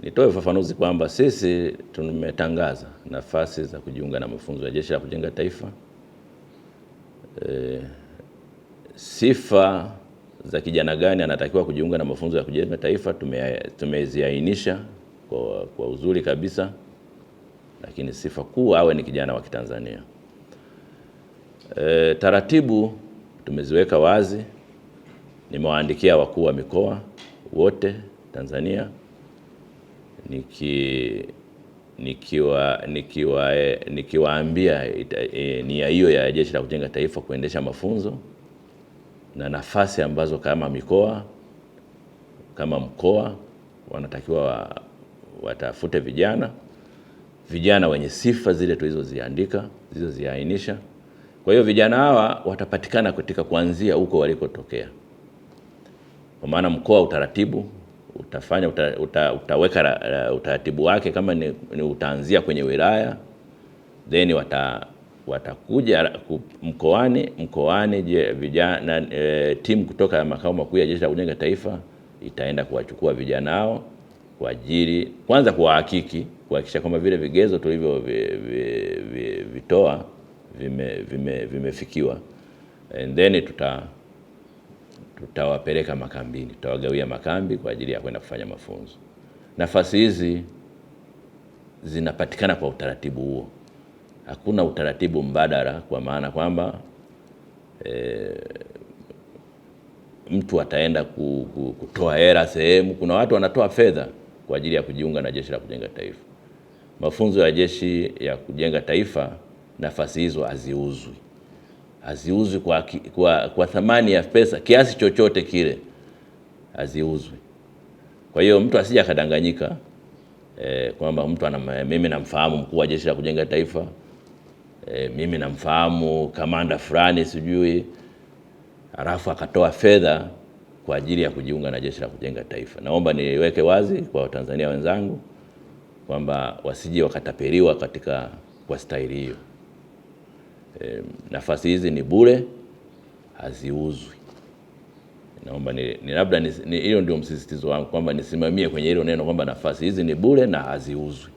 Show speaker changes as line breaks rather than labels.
Nitoe ufafanuzi kwamba sisi tumetangaza nafasi za kujiunga na mafunzo ya Jeshi la Kujenga Taifa. E, sifa za kijana gani anatakiwa kujiunga na mafunzo ya kujenga taifa tumeziainisha kwa, kwa uzuri kabisa, lakini sifa kuu awe ni kijana wa Kitanzania. E, taratibu tumeziweka wazi, nimewaandikia wakuu wa mikoa wote Tanzania niki nikiwa nikiwa nikiwaambia e, nia hiyo ya Jeshi la Kujenga Taifa kuendesha mafunzo na nafasi ambazo kama mikoa kama mkoa wanatakiwa wa, watafute vijana vijana wenye sifa zile tulizoziandika zilizoziainisha. Kwa hiyo vijana hawa watapatikana katika kuanzia huko walikotokea, kwa maana mkoa utaratibu utafanya uta, uta, utaweka uh, utaratibu wake kama ni, ni utaanzia kwenye wilaya then wata watakuja mkoani mkoani. Je, vijana e, eh, timu kutoka makao makuu ya Jeshi la Kujenga Taifa itaenda kuwachukua vijana hao kwa ajili kwanza, kuwahakiki kuhakikisha kwamba vile vigezo vimefikiwa vime, vime, vimefikiwa and then tuta tutawapeleka makambini, tutawagawia makambi kwa ajili ya kwenda kufanya mafunzo. Nafasi hizi zinapatikana kwa utaratibu huo, hakuna utaratibu mbadala, kwa maana kwamba e, mtu ataenda ku, ku, kutoa hela sehemu. Kuna watu wanatoa fedha kwa ajili ya kujiunga na Jeshi la Kujenga Taifa. Mafunzo ya Jeshi ya Kujenga Taifa, nafasi hizo haziuzwi haziuzwi kwa, kwa, kwa thamani ya pesa kiasi chochote kile, haziuzwi. Kwa hiyo mtu asije akadanganyika e, kwamba mtu anam, mimi namfahamu mkuu wa jeshi la kujenga taifa e, mimi namfahamu kamanda fulani sijui, halafu akatoa fedha kwa ajili ya kujiunga na jeshi la kujenga taifa. Naomba niweke wazi kwa Watanzania wenzangu kwamba wasije wakatapeliwa katika kwa staili hiyo e, nafasi hizi ni bure, haziuzwi. Naomba ni, ni labda hiyo ndio msisitizo wangu kwamba nisimamie kwenye hilo neno kwamba nafasi hizi ni bure na haziuzwi.